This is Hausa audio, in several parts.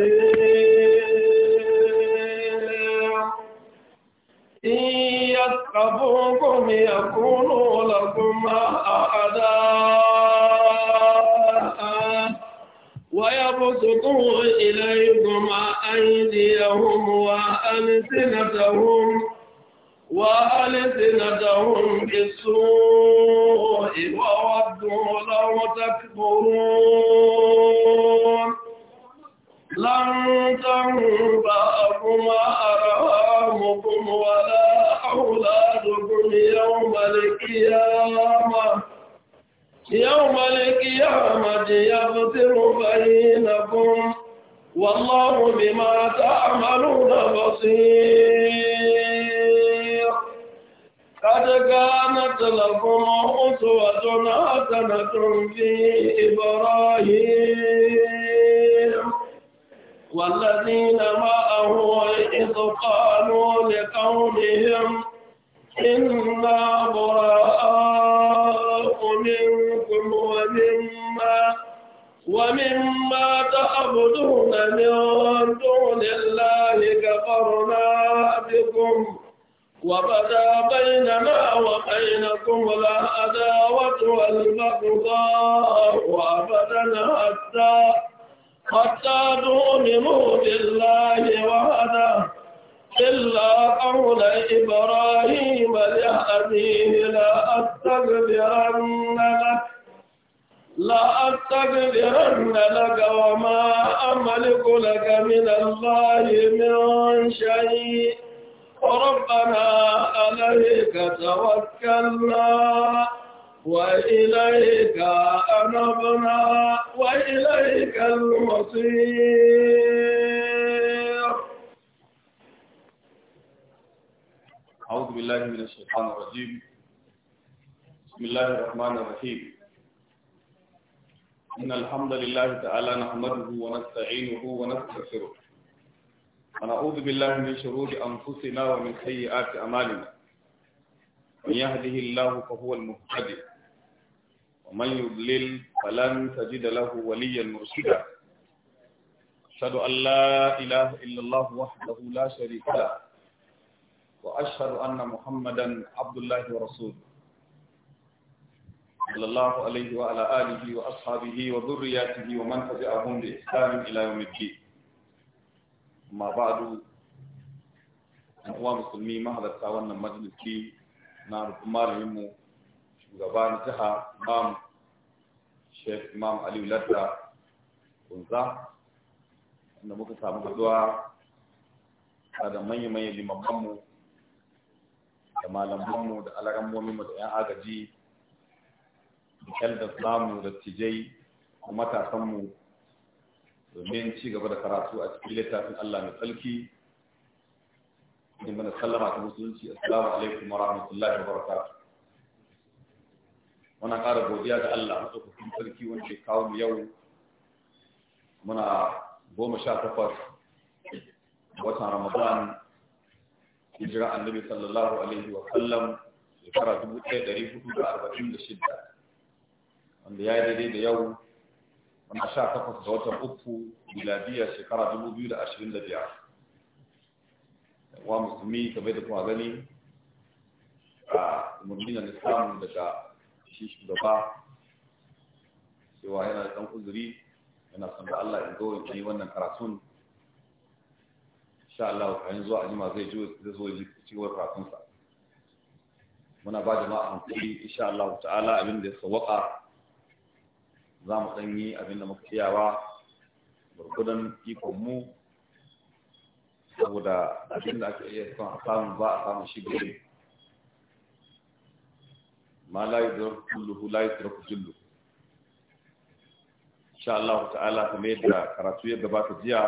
الرحيم إن يثقفوكم يكونوا لكم أعداء ويبسطوا إليكم أيديهم وألسنتهم وألسنتهم بالسوء وودوا لو تكبرون أنبأكما أرهامكم ولا أولادكم يوم القيامة يوم القيامة يفتر بينكم والله بما تعملون بصير قد كانت لكم أسوة حسنة في إبراهيم والذين معه إذ قالوا لقومهم إنا براء منكم ومما ومما تعبدون من دون الله كفرنا بكم وبدا بيننا وبينكم لا العداوة والبغضاء وأبدا حتى حتى تؤمنوا بالله وحده إلا قول إبراهيم لأبيه لا أستكبرن لك لا أستكبرن لك وما أملك لك من الله من شيء ربنا عليك توكلنا وإليك أنبنا وإليك المصير أعوذ بالله من الشيطان الرجيم بسم الله الرحمن الرحيم إن الحمد لله تعالى نحمده ونستعينه ونستغفره ونعوذ بالله من شرور أنفسنا ومن سيئات أعمالنا من يهده الله فهو المهتدي ومن يضلل فلن تجد له وليا مرشدا أشهد أن لا إله إلا الله وحده لا شريك له وأشهد أن محمدا عبد الله ورسوله صلى الله عليه وعلى آله وأصحابه وذرياته ومن تبعهم بإحسان إلى يوم الدين أما بعد أن هو مسلمي مهلا تاوانا مجلسي نعرف مارهم shugaba na jiha imam Sheikh imam aliyu latta kunza inda muka samu a da manya-manyan limamanmu da malamanmu da mu da 'yan agaji da da namu da tijai da matasanmu domin ci gaba da karatu a cikin littafin Allah mai tsalki, Ina mana sallama ta musulunci, Assalamu alaikum wa rahmatullahi wa barakatuh. muna ƙara godiya da Allah maɗaukakin sarki wanda ya kawo mu yau muna goma sha takwas watan Ramadan hijira annabi sallallahu alaihi wa sallam shekara dubu ɗaya ɗari hudu da arba'in da shida. wanda ya yi daidai da yau muna sha takwas ga watan uku miladiya shekara dubu biyu da ashirin da biyar wa musulmi kamar da kuma gani a murnin islam daga shi shugaba cewa yana da ɗan uzuri yana son da Allah in zo in yi wannan karatun insha Allah kayan zuwa ajima zai ji zai zo ji ciwar karatunsa muna ba jama'a hankali insha Allah ta'ala abin da ya sawaka za mu ɗan yi abin da muka iyawa gurgudan ikon mu saboda abin da ake iya son a samu ba a samu shi ma la yudrak kulluhu la yudrak kulluhu ta'ala kuma yadda karatu ya gabata jiya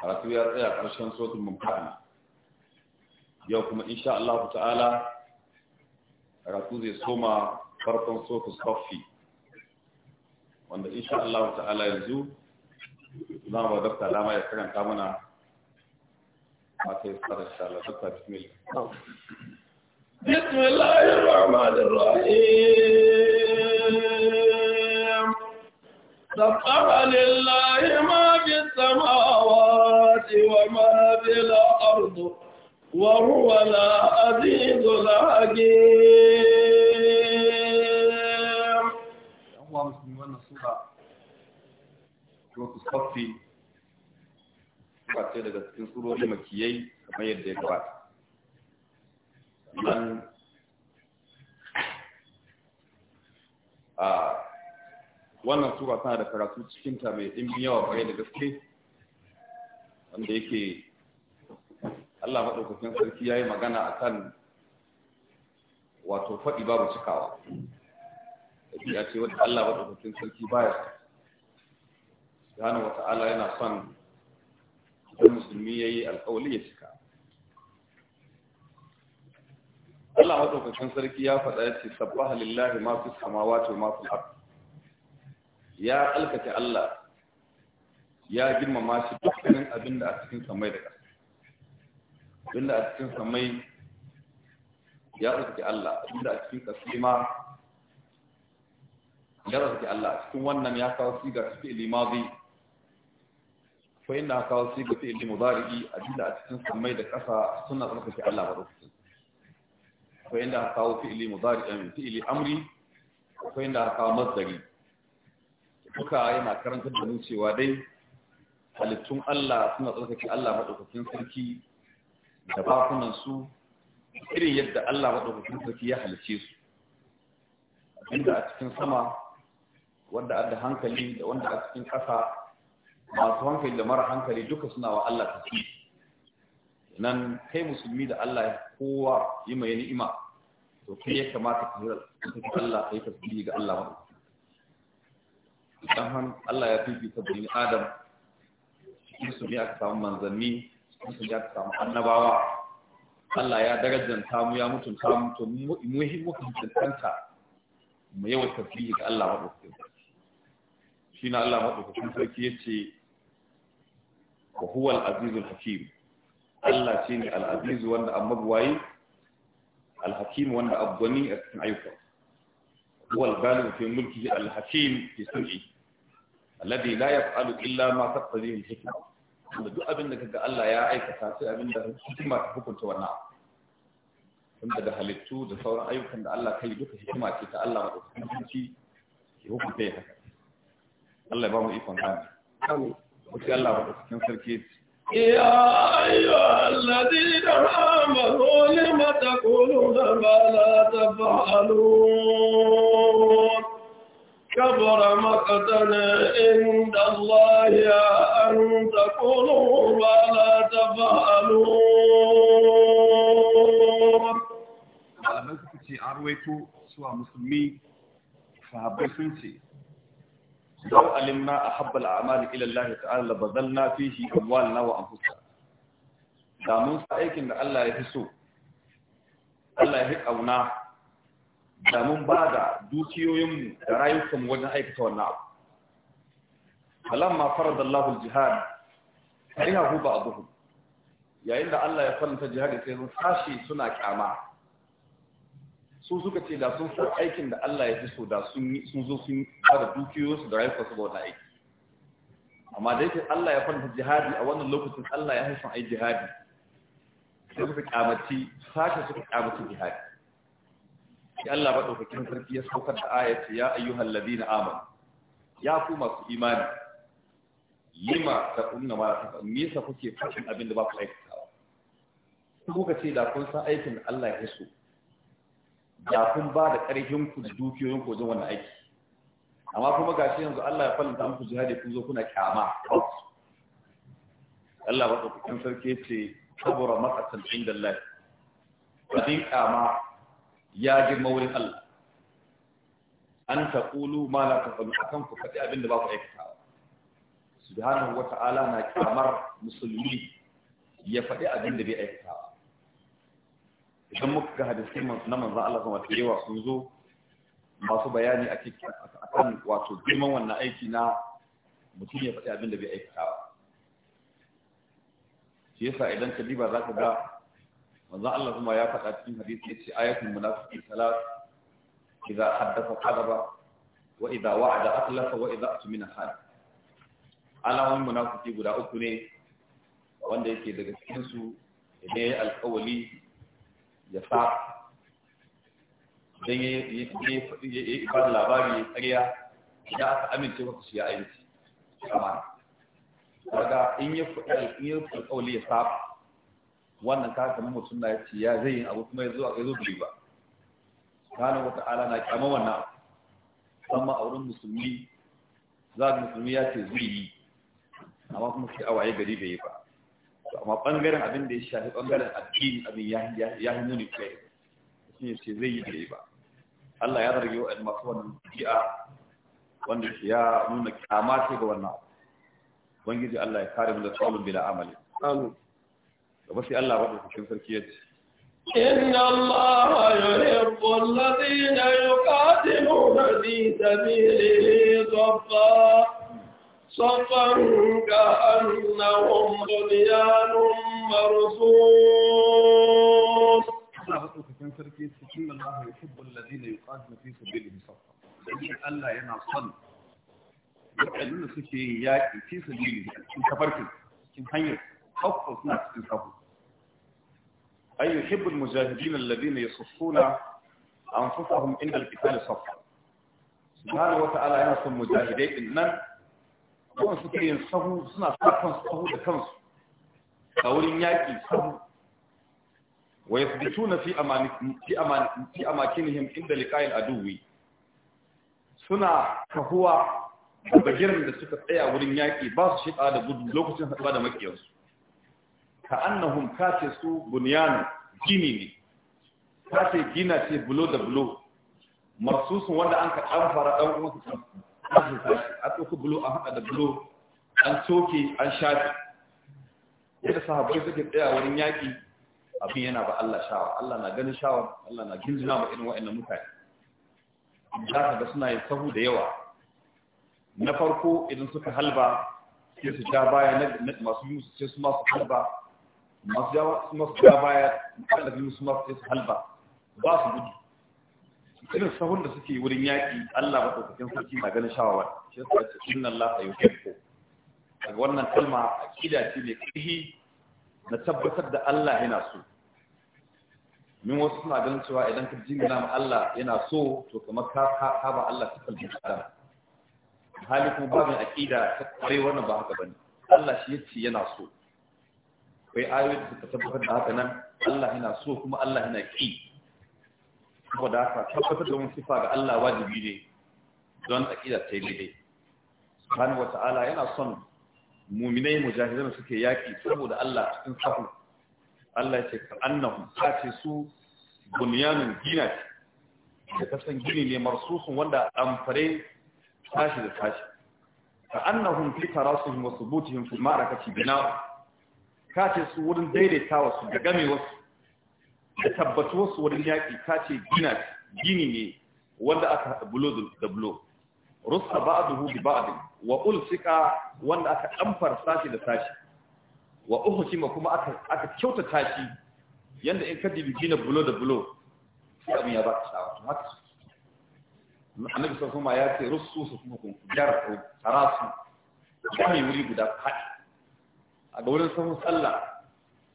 karatu ya tsaya karshen sautin mumtana yau kuma insha karatu zai soma farkon sautin safi wanda insha yanzu za mu dafta alama ya karanta mana ma ta yi tsara insha Allah dafta bismillah بسم الله الرحمن الرحيم سبح لله ما في السماوات وما في الأرض وهو العزيز الحكيم هو مسلم وانا سورة سورة الصفي سورة تلك سورة مكيي كما يدعي من wannan sura tana da karatu cikinta mai ɗimbin yawa kwarai da gaske wanda yake Allah maɗaukakin sarki ya yi magana a kan wato faɗi babu cikawa ya ce wadda Allah maɗaukakin sarki baya subhanahu wata'ala yana son idan musulmi ya yi alƙawali ya cika Allah madaukakin sarki ya faɗa ya ce sabbaha Halillahi ma fi samawati wa ma fi ard ya alkata Allah ya girmama shi dukkanin abin da a cikin samai da ƙasa abin da a cikin samai ya alkata Allah abin da a cikin ƙasa ma ya alkata Allah cikin wannan ya kawo siga cikin ilimazi fa inna kawo siga cikin ilimudari'i abin da a cikin samai da ƙasa suna alkata Allah madaukakin akwai inda aka kawo fi'ili mudari amin eh, fi'ili amri akwai inda aka kawo masdari duka yana karantar da cewa dai halittun Allah suna tsarkake Allah madaukakin sarki da bakunan su irin yadda Allah madaukakin sarki ya halice su inda a cikin sama wanda a da hankali da wanda a cikin ƙasa masu hankali da mara hankali duka suna wa Allah tasiri nan kai musulmi da Allah ya kowa yi mai ni'ima to kai ya kamata ka ga Allah kai tasbihi ga Allah ba dan han Allah ya fifita bin Adam musulmi su ne aka samu manzanni musulmi aka samu annabawa Allah ya darajanta mu ya mutunta mu to muhimmin tantanta mu yawa tasbihi ga Allah ba shi na Allah maɗaukakin sarki ya yace wa huwal azizul hakim Allah shi ne al'aziz wanda an magwaye alhakim wanda abgwani a cikin ayyuka wal galib fi mulki alhakim fi sun'i alladhi la yaf'alu illa ma taqtadi al-hikma wanda duk abin da kaga Allah ya aikata sai abin da hikima ta hukunta wannan tun daga halittu da sauran ayyukan da Allah kai duka hikima ce ta Allah madaukakin sarki ke hukunta ya haka Allah ya ba mu ikon gane. Amin. Allah madaukakin sarki يا أيها الذين آمنوا لم تقولون ما لا تفعلون كبر مقتنا عند الله أن تقولوا ما لا تفعلون لو علمنا أحب الأعمال إلى الله تعالى لبذلنا فيه أموالنا وأنفسنا da mun sa aikin da Allah ya fi so Allah ya fi ƙauna da mun ba da dukiyoyinmu da rayukanmu wajen aikata wannan abu falamma da Allahul jihad kariha hu ba abuhu yayin da Allah ya faranta jihadi sai sun sashi suna kyama su suka ce da sun so aikin da Allah ya fi so da sun zo sun fara dukiyoyinsu da rayuwa su wannan aiki amma da yake Allah ya fanta jihadi a wannan lokacin Allah ya haifan ai jihadi sai suka kyamaci sashe suka kyamaci jihadi ya Allah ba ɗaukakin sarki ya saukar da ayat ya ayyuhan ladina aman ya ku masu imani lima ta kunna ma ta me kuke fashin abin da ba ku aikatawa kuka ce da kun san aikin da Allah ya fi so da kun ba da ƙarfin ku da dukiyoyin ku wajen wannan aiki amma kuma gashi yanzu Allah ya fallanta muku jihadi kun zo kuna kyama Allah ba ɗaukakin sarki ce kabura matsatsan inda Allah abin kyama ya girma wurin Allah an ta ƙulu ma la ta falu akan ku faɗi abin da ba ku aikatawa subhanahu wa ta'ala na kyamar musulmi ya faɗi abinda bai aikatawa idan muka ga hadisi na manzan Allah kuma da yawa sun zo masu bayani a kan wato girman wannan aiki na mutum ya faɗi abin da bai aikata ba shi yasa idan ka diba za ka ga manzan Allah kuma ya faɗa cikin hadisi ya ce ayatul munafiqi salat idza haddatha kadaba wa idza wa'ada akhlafa wa idza atmina hal alamomin munafiki guda uku ne wanda yake daga cikin su idan ya alƙawali ya sa don ya yi ba labari ya tsariya, ya aka amince maka shi ya aiki kama daga in ya fi ya saba wannan ka mutum na ya ce ya zai yi abu kuma ya zo a zo biyu ba kana wata ala na kyama wannan musamman a wurin musulmi za musulmi ya ce zai yi amma kuma shi a waye gari bai yi ba amma bangaren abin da ya shafi bangaren addini abin ya yi muni kai mutum ya ce zai yi da ba Allah ya zargi wa'in masu wannan bid'a wanda ya nuna kyama ce ga wannan ubangiji Allah ya kare mu da tsalun bila amali amin gaba sai Allah wadda cikin sarki ya ce إن الله يحب الذين يقاتلون في سبيله صفا صفا كأنهم بنيان مرصوص كان سركي إن الله يحب الذين يقاتلون في سبيله صفا الله yana son waɗanda suke yaƙi fi sabili a cikin tafarkin cikin hanyar kafa suna cikin sabu ay yuhibbul mujahidin alladhina yasuffuna anfusahum inda al-qital safa subhanahu wa yana son mujahidai din nan kuma suke yin sahu suna sakon sahu da kansu a wurin yaƙi sahu wa ya fi fi makinihim inda a duwi suna kahuwa da bagirin da suka tsaya wurin yaƙi ba su shiɗa da gudu lokacin haɗuwa da makiyarsu ka annahum kace su bunyanu gini ne kace gina ce bulo da bulo sun wanda an ka ɗan fara ɗan su azurta shi a ɗauki bulo a haɗa da bulo an soke an shafi yadda sahabbai suke tsaya wurin yaƙi abin yana ba Allah shawa Allah na ganin shawa Allah na ginjina ma irin wa'annan mutane za ka ga suna yin sahu da yawa na farko idan suka halba sai su ja baya na masu yi musu sai su masu halba masu ja baya da su masu sai su halba ba su gudu irin sahun da suke wurin yaƙi Allah maɗaukakin sarki na ganin shawarar shi yasa ce inna Allah a yuhibbu daga wannan kalma akida ce mai ƙarfi na tabbatar da Allah yana so min wasu suna ganin cewa idan ka jingina ma Allah yana so to kamar ka ka ba Allah ta kalbi da hali kuma ba babin akida ta kware wannan ba haka bane Allah shi yace yana so kai ayoyi da suka tabbatar da haka nan Allah yana so kuma Allah yana ƙi saboda haka tabbatar da mun sifa ga Allah wajibi ne don aqida ta yi daidai subhanahu wata'ala yana son mu'minai mujahidan suke yaki saboda Allah cikin sahu Allah ya ce ka annahum kace su bunyanun dinat da kasan gini ne marsusun wanda amfare tashi da tashi ka annahum fi tarasuhum wa subutihim fi ma'rakati bina kace su wurin daidaitawa su da gamewa su da tabbatuwarsu wurin yaƙi ta ce gina gini ne wanda aka bulo da bulo rusa ba'duhu bi ba'd wa ulsika wanda aka ɗanfar sashi da sashi wa ma kuma aka kyauta tashi yadda in ka dibi gina bulo da bulo sai abin ya ta shawar su haka annabi sallallahu kuma ya ce rusu su kuma kun gyara ko Ya kai wuri guda haɗi a ga wurin sahun sallah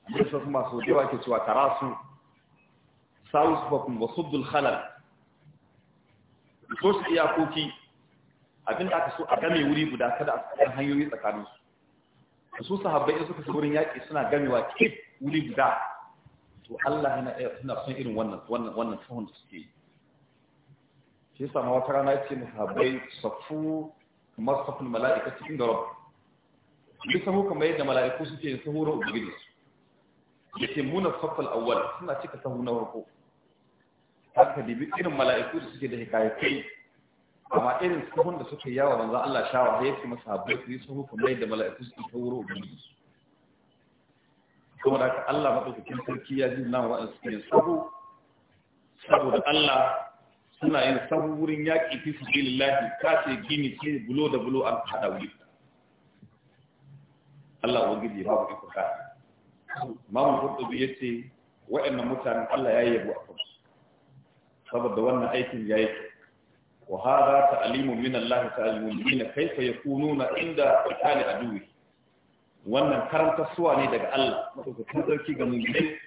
annabi sallallahu alaihi masu so ke yake cewa tarasu sawusbakum wa suddul khalal ko su iyakoki abin da aka so a game wuri guda kada a tsakar hanyoyi tsakanin su su sahabbai suka so wurin yaƙi suna gamewa kif wuri guda to Allah yana suna son irin wannan wannan wannan sahun da suke yi shi yasa ma wata rana yace mu sahabbai safu kamar safun mala'ika cikin da rabu duk sahu kamar yadda mala'iku suke yin sahu rabu gidansu yake muna safal awwal suna cika sahu na farko haka dibi irin mala'iku da suke da hikayatai amma irin suhun da suka yawa manzan Allah shawa ya yake masa habbai su yi kuma kamar yadda mala'iku suke ta wuro ubangiji kuma da Allah maɗaukakin sarki ya ji nan wa'an suke yin sahu saboda Allah suna yin sahu wurin yaƙi fi su lillahi kace gini ce bulo da bulo an hada wuri Allah ubangiji ya babu iko ka Mamun Kurtubi ya ce wa'annan mutanen Allah ya yi yabo a kansu saboda wannan aikin ya yi wa hada ta'limu min Allah ta'ala mulkin kaifa yakununa inda qitali aduwi wannan karanta suwa ne daga Allah madaukakin sarki ga mulkin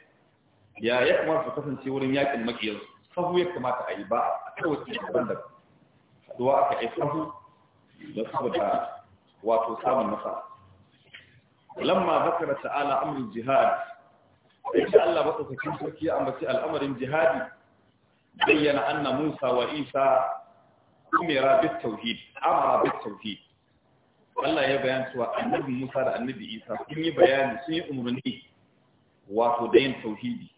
ya ya kamata su kasance wurin yakin makiyar sahu ya kamata a yi ba a kawai daban daban haduwa aka yi sahu da saboda wato samun nasara lamma zakara ta'ala amrul jihad insha Allah madaukakin sarki amma ambaci al'amarin jihadi bayyana anna Musa wa Isa umira bit tauhid amara bit tauhid Allah ya bayan cewa annabi Musa da annabi Isa sun yi bayani sun yi umarni wato da yin tauhidi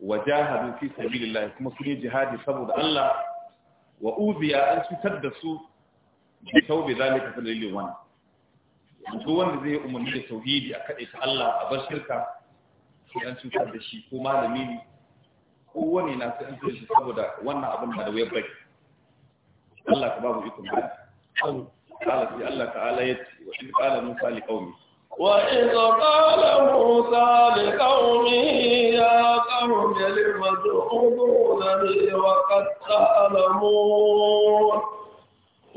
wa jahadu fi sabilillah kuma sun yi jihadi saboda Allah wa ubiya an cutar da su bi taubi zalika dalilin wannan duk wanda zai umarni da tauhidi a kaɗe ta Allah a bar shirka sai an cutar da shi ko malami ne kowane na sai an shi saboda wannan abin da wayar bai Allah ka babu ikon ba Allah sai Allah ta'ala ya ce wa in qala musa li qaumi wa in qala musa li qaumi wa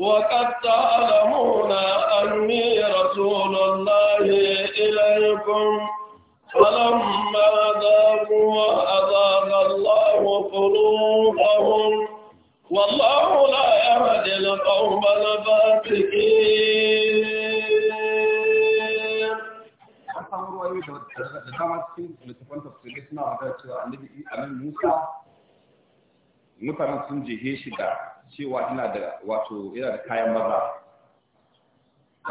وقد تعلمون أني رسول الله إليكم فلما ذاقوا أذاق الله قلوبهم والله لا يهدي القوم الفاسقين. mutanen sun jehe shi da cewa ina da wato ina da kayan maza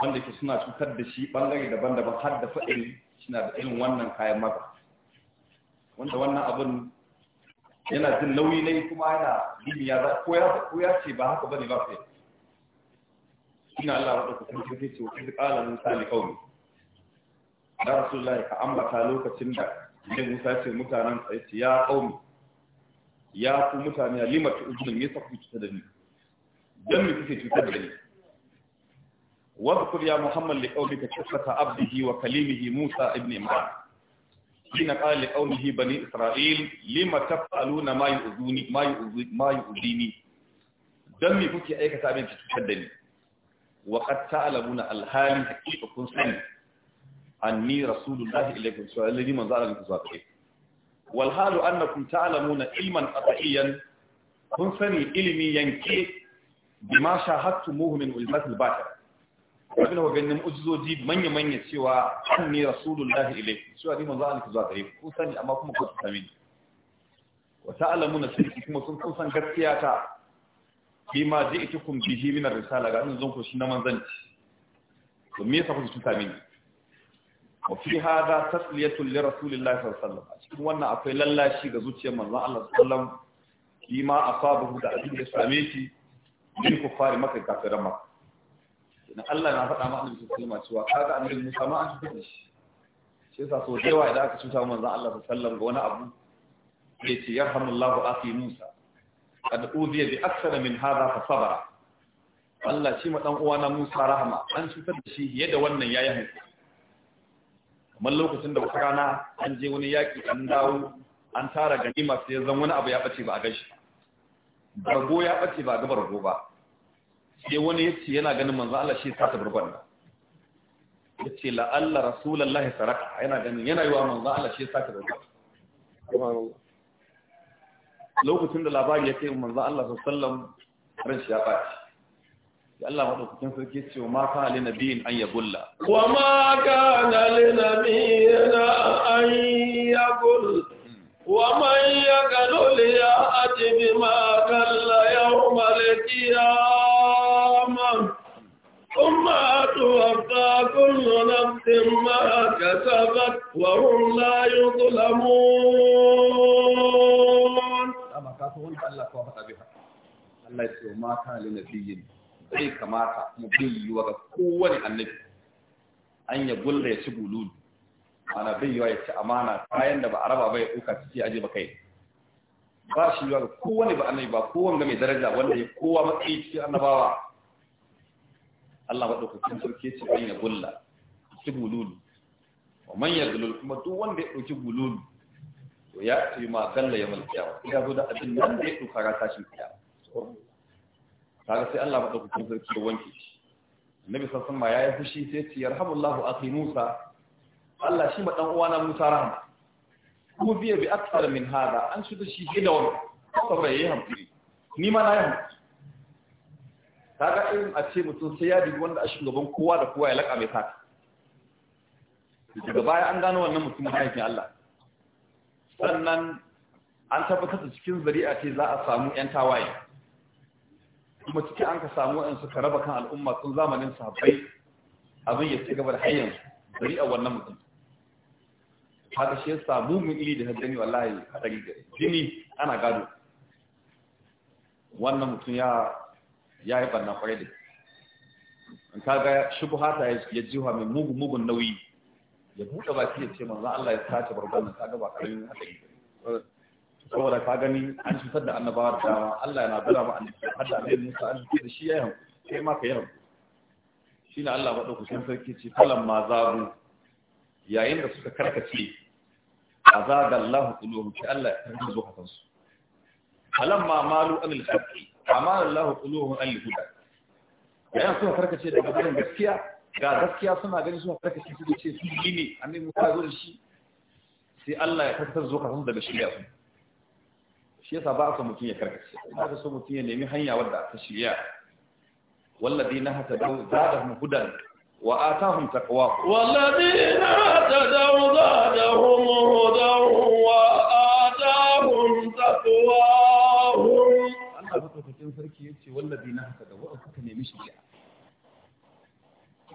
wanda ke suna cutar da shi bangare daban-daban har da fa'in suna da irin wannan kayan maza wanda wannan abin yana jin nauyi ne kuma yana limi ya za ko ya ko ya ce ba haka bane ba sai ina Allah wa dauka kuma sai ce wa qala Musa li qaumi da Rasulullahi ka ambata lokacin da ne Musa ce mutanen sa ce ya qaumi ya ku mutane ya limatu ubun me yasa ku cuta da ni dan me kuke cutar da ni واذكر يا محمد لقولك قصة عبده وكليمه موسى ابن عمران حين قال لقومه بني إسرائيل لما تفعلون ما يؤذوني ما يؤذي ما يؤذيني دمي كنت أيك تابين تتحدني وقد تعلمون الحال حقيقة كن سني أني رسول الله إليكم سؤال الذي من زال لكم سؤال والحال أنكم تعلمون علما قطعيا كن سني علمي ينكي بما شاهدتموه من علمات الباكرة abin da ganin ujizoji manya-manya cewa an ne rasulullahi ilai cewa ni manzo Allah zuwa gare ku sani amma kuma ku sami ni wa ta'lamuna sirri kuma sun kun san gaskiya ta bima ji'tukum bihi min ar-risala ga in zan ku shi na manzanci to me yasa ku sami ni wa fi hada tasliyatu li rasulillahi sallallahu alaihi wasallam cikin wannan akwai lallashi ga zuciyar manzo Allah sallallahu alaihi wasallam bima asabahu da abin da same shi min kufari maka kafiran maka idan Allah na faɗa ma su kalma cewa kaga annabi Musa ma an cutar da shi shi yasa so da yawa idan aka cuta manzon Allah sallallahu alaihi wasallam ga wani abu ya ce yarhamullahu Afi Musa qad udiya bi akthara min hadha fa sabara Allah shi ma dan uwana Musa rahama an cutar da shi yadda wannan yi hankali kamar lokacin da wata an je wani yaƙi an dawo an tara ganima sai ya zan wani abu ya ɓace ba a gashi bargo ya ɓace ba a ga bargo ba sai wani ya ce yana ganin manzo Allah shi ya sa tabargon ya ce la'alla rasulallahi saraka yana ganin yana yi wa manzo Allah shi ya sa tabargon lokacin da labari ya kai manzo Allah sallam ran shi ya Ya Allah maɗaukakin sarki ya ce wa ma kana li nabiyin an yagulla wa ma kana li nabiyin an yagulla wa man yaqulu ya atibi ma kalla yawmal qiyamah ثم توفى كل نفس ما كسبت وهم لا يظلمون أما بها الله يسير ما كان لنبي mu bai yiwa ga amana kayan da ba a raba ba shi ga kowane ba annabi ba kowane ga mai daraja wanda ya kowa matsayi cikin annabawa Allah madaukakin sarki ce an ya gulla ki bululu wa man yaglul kuma duk wanda ya dauki bululu to ya ci ma galla ya malkiya ya zo da abin nan da ya dauka ra tashin kiya kaga sai Allah madaukakin sarki ya wanke shi Annabi sallallahu alaihi wasallam ya yi fushi sai ya ce yarhamullahu akhi Musa Allah shi ma dan uwana Musa rahama kuma biya bi akthar min hada an shi da shi da wannan saboda yi hankali ni ma na yi hankali kaga irin a ce mutum sai ya dubi wanda a shugaban kowa da kowa ya laƙa mai sata daga baya an gano wannan mutum mahaifin Allah sannan an tabbatar da cikin zari'a ce za a samu 'yan tawaye kuma ciki an ka samu wa'in suka raba kan al'umma sun zamanin sahabbai abin ya ci gaba da hanyar zari'a wannan mutum haka shi yasa mumin ili da hajjani wallahi hadari gare jini ana gado wannan mutum ya ya yi barna kwarai da in ka ga shubha ta ya jiwa mai mugun mugun nauyi ya buɗe baki ya ce manzo Allah ya sace barban ka ga ba karamin hadari saboda ka gani an cutar da annabawa da Allah yana bada ma annabi har da annabi Musa an cutar da shi ya yanku sai ma ka yi rabu shi ne Allah kusan sarki ce falan ma zabu yayin da suka karkace a zaga Allah kulubun sai Allah ya karkace zuwa kansu falan ma malu anil haqqi amma Allah quluhum al-huda yana suna farkace daga barin gaskiya ga gaskiya suna gani suna farkace su ce su yi ne annabi Musa zo da shi sai Allah ya karkatar zo kasan daga shirya su shi yasa ba a mutum ya karkace ba a so mutum ya nemi hanya wadda ta shirya والذين هتدوا زادهم هدى وآتاهم تقواه والذين هتدوا زادهم هدى وآتاهم تقواه ce wallazi na haka da waɗanda suka nemi shirya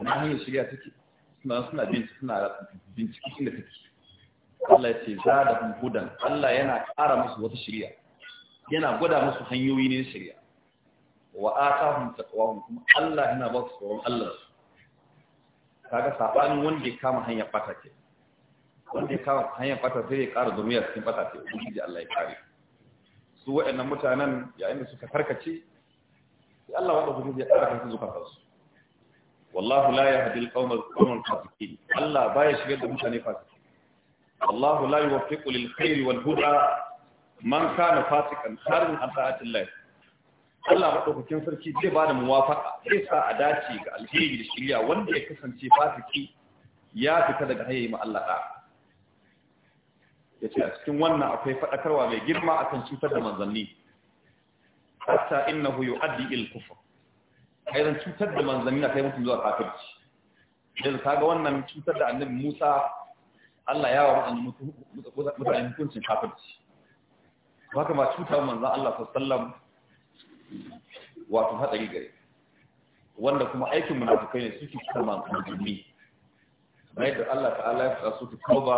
na hanyar shirya take suna suna bincike suna bincike inda take Allah ya ce za da hudan Allah yana ƙara musu wata shirya yana gwada musu hanyoyi ne shirya wa atahum taqwahum kuma Allah yana ba su tsoron Allah kaga sabanin wanda ya kama hanyar fata ke wanda ya kama hanyar fata sai ya ƙara zuriya cikin fata ce ubangiji Allah ya kare su waɗannan mutanen yayin da suka karkace sai Allah wanda gudu ya tsara kan zuka kansu wallahu la yahdi al-qawma al-qawma al-fasiqin Allah baya shigar da mutane fasiki wallahu la yuwaffiqu lil khairi wal huda man kana fasikan harin an ta'atin lahi Allah maɗaukakin sarki zai ba da muwafaka zai sa a dace ga alheri da Shiriya? wanda ya kasance fasiki ya fita daga hanyar ma Allah ɗa ya ce a cikin wannan akwai faɗakarwa mai girma akan cutar da manzanni hatta innahu yu'addi il kufr aidan cutar da manzanni na kai mutum zuwa kafirci yanzu kaga wannan cutar da annabi Musa Allah ya wa mutane hukuncin kafirci haka ma cutar manzan Allah sallallahu wato hatsari gare wanda kuma aikin munafukai ne suke kuma musulmi kamar yadda Allah ta'ala ya faɗa su tauba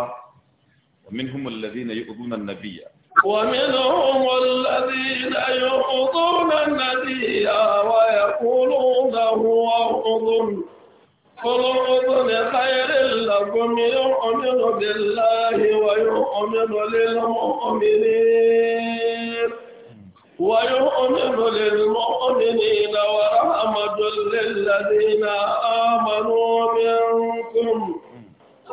wa minhum alladhina yu'dhuna an-nabiyya ومنهم الذين يؤذون النبي ويقولون هو أذن قل أذن خير لكم يؤمن بالله ويؤمن للمؤمنين ويؤمن للمؤمنين ورحمة للذين آمنوا منكم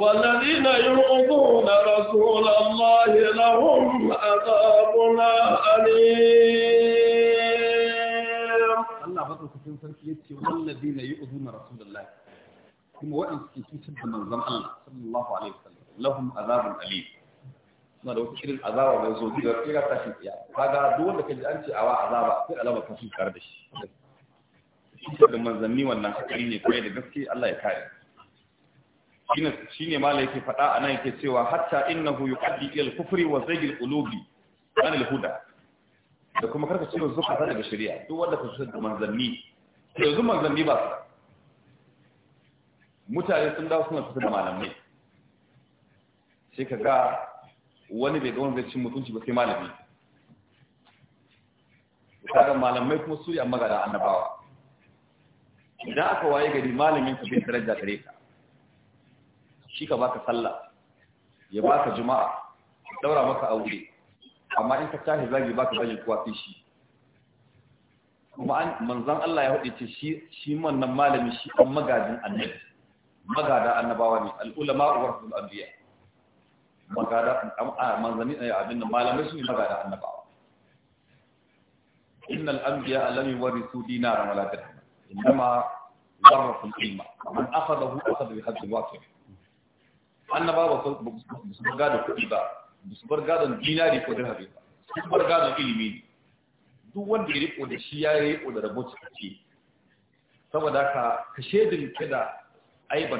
والذين يرغبون رسول الله لهم عذابنا أليم الله فضل كتن سركيتي والذين يؤذون رسول الله كما وأن سبب من زمان صلى الله عليه وسلم لهم عذاب أليم irin azaba mai zo da kira tashin tsiya kaga duk wanda kaji an ce awa ne gaske ya shine shine mala yake faɗa anan yake cewa hatta innahu yuqaddi ila al-kufri wa zaygil qulubi an al-huda da kuma karka zuka zukata daga shari'a duk wanda ka tsaya da sai yanzu manzanni ba su mutane sun dawo suna tsaya da malamai sai ka ga wani bai ga wani zai cin mutunci ba sai malami kaga malamai kuma su yi magana annabawa idan aka waye gari malamin ka bai daraja gare ka shi ka baka sallah ya baka juma'a daura maka aure amma in ka tashi zagi baka zagi kuwa fi shi kuma manzan Allah ya hudu ce shi shi wannan malami shi an magajin annabi magada annabawa ne al'ulama warasul anbiya magada manzani eh, abin da malamai su magada annabawa innal anbiya lam yuwarisu dinaran wala dirham inma warasul ilma man akhadahu da bi hajji hadhihi wasif annaba ba su bar gadon kuɗi ba ba su bar gadon dinari ko dirhami ba su bar gadon ilimi ne duk wanda ya riko da shi ya riko da rabo cikakke saboda ka ka shedin kada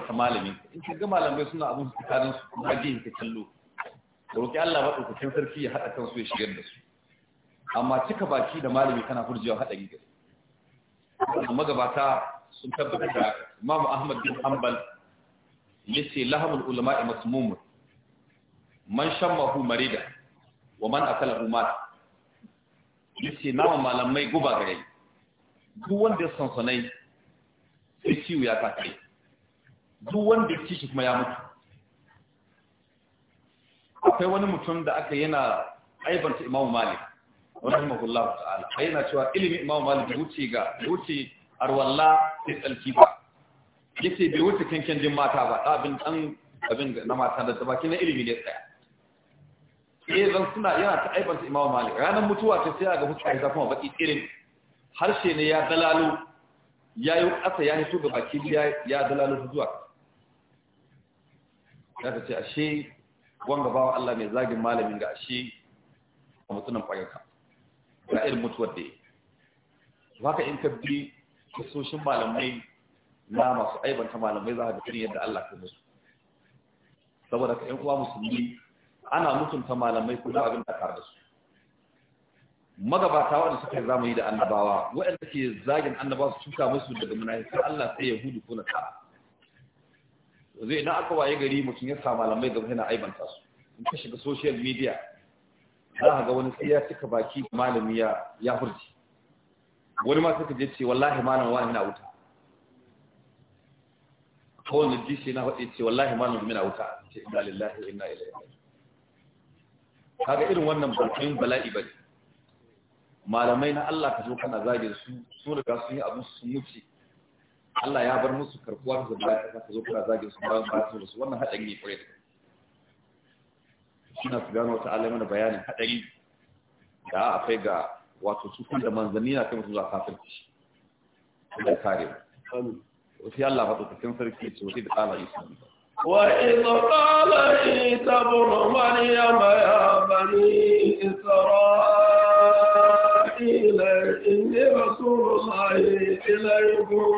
ta malamin in ka ga malamai suna abun tsakanin su kuma ji ka kallo ka roki Allah ba dokokin sarki ya haɗa kansu ya shigar da su amma cika baki da malami kana furjewa haɗari gari magabata sun tabbatar da Imam Ahmad bin Hanbal yace lahamul ulama'i masmumun man shammahu marida wa man akalahu mat yace nawa malamai guba gare duk wanda ya sansanai sai ciwo ya kakai duk wanda ya ci kuma ya mutu akwai wani mutum da aka yana aibanta imamu malik rahimahullahu ta'ala yana cewa ilimin imamu malik wuce ga wuce arwalla sai tsalki ba yace bai wuce kankan jin mata ba abin dan abin na mata da tabaki na ilimi ne tsaya eh zan suna yana ta su imamu malik ranar mutuwa ta sai ga mutuwa ta kuma baki irin harshe ne ya dalalo ya yi ƙasa ya hito ga baki ya dalalo zuwa ya ta ce ashe wanga bawa Allah mai zagin malamin ga ashe a mutunan ƙwayarka ga irin mutuwar da ya haka in ka bi kasoshin malamai na masu aibanta malamai za a ga yadda Allah ka musu saboda ka ƴan uwa musulmi ana mutunta malamai kuma abin da ka su magabata wanda suka zamani da annabawa waɗanda ke zagin annabawa su cuta musu daga munafikai Allah sai yahudu ko na ta. zai idan aka waye gari mutum ya sa malamai gaba yana aibanta su in ka shiga social media za ka ga wani sai ya cika baki malami ya ya hurji wani ma sai ka je ce wallahi malam wani na wuta ko wanda dishi na faɗi ce wallahi malam gumi na wuta ce ina lillahi ina inna kaga irin wannan bakin bala'i bane malamai na Allah ka zo kana zagin su su riga sun yi abu su mutu Allah ya bar musu karkuwar da bala'i ka zo kana zagin su ba ba su su wannan hadari ne kure suna gano ta Allah mana bayanin hadari da akwai ga wato su da manzanni na kai mutum zuwa kafirci da kare amin وفي الله كم فرقتي وإذ قال عيسى وإذ قال عيسى ابن مريم يا بني إسرائيل إني رسول الله إليكم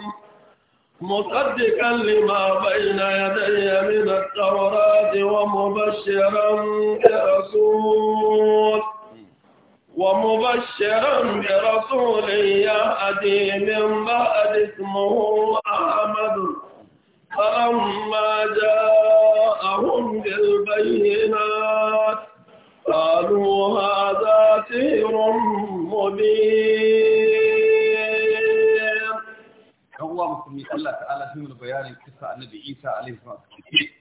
مصدقا لما بين يدي من التوراة ومبشرا برسول ومبشرا برسول يهدي من بعد اسمه محمد فلما جاءهم بالبينات قالوا هذا سير مبين هو مسلمي الله تعالى في البيان قصة النبي عيسى عليه الصلاة والسلام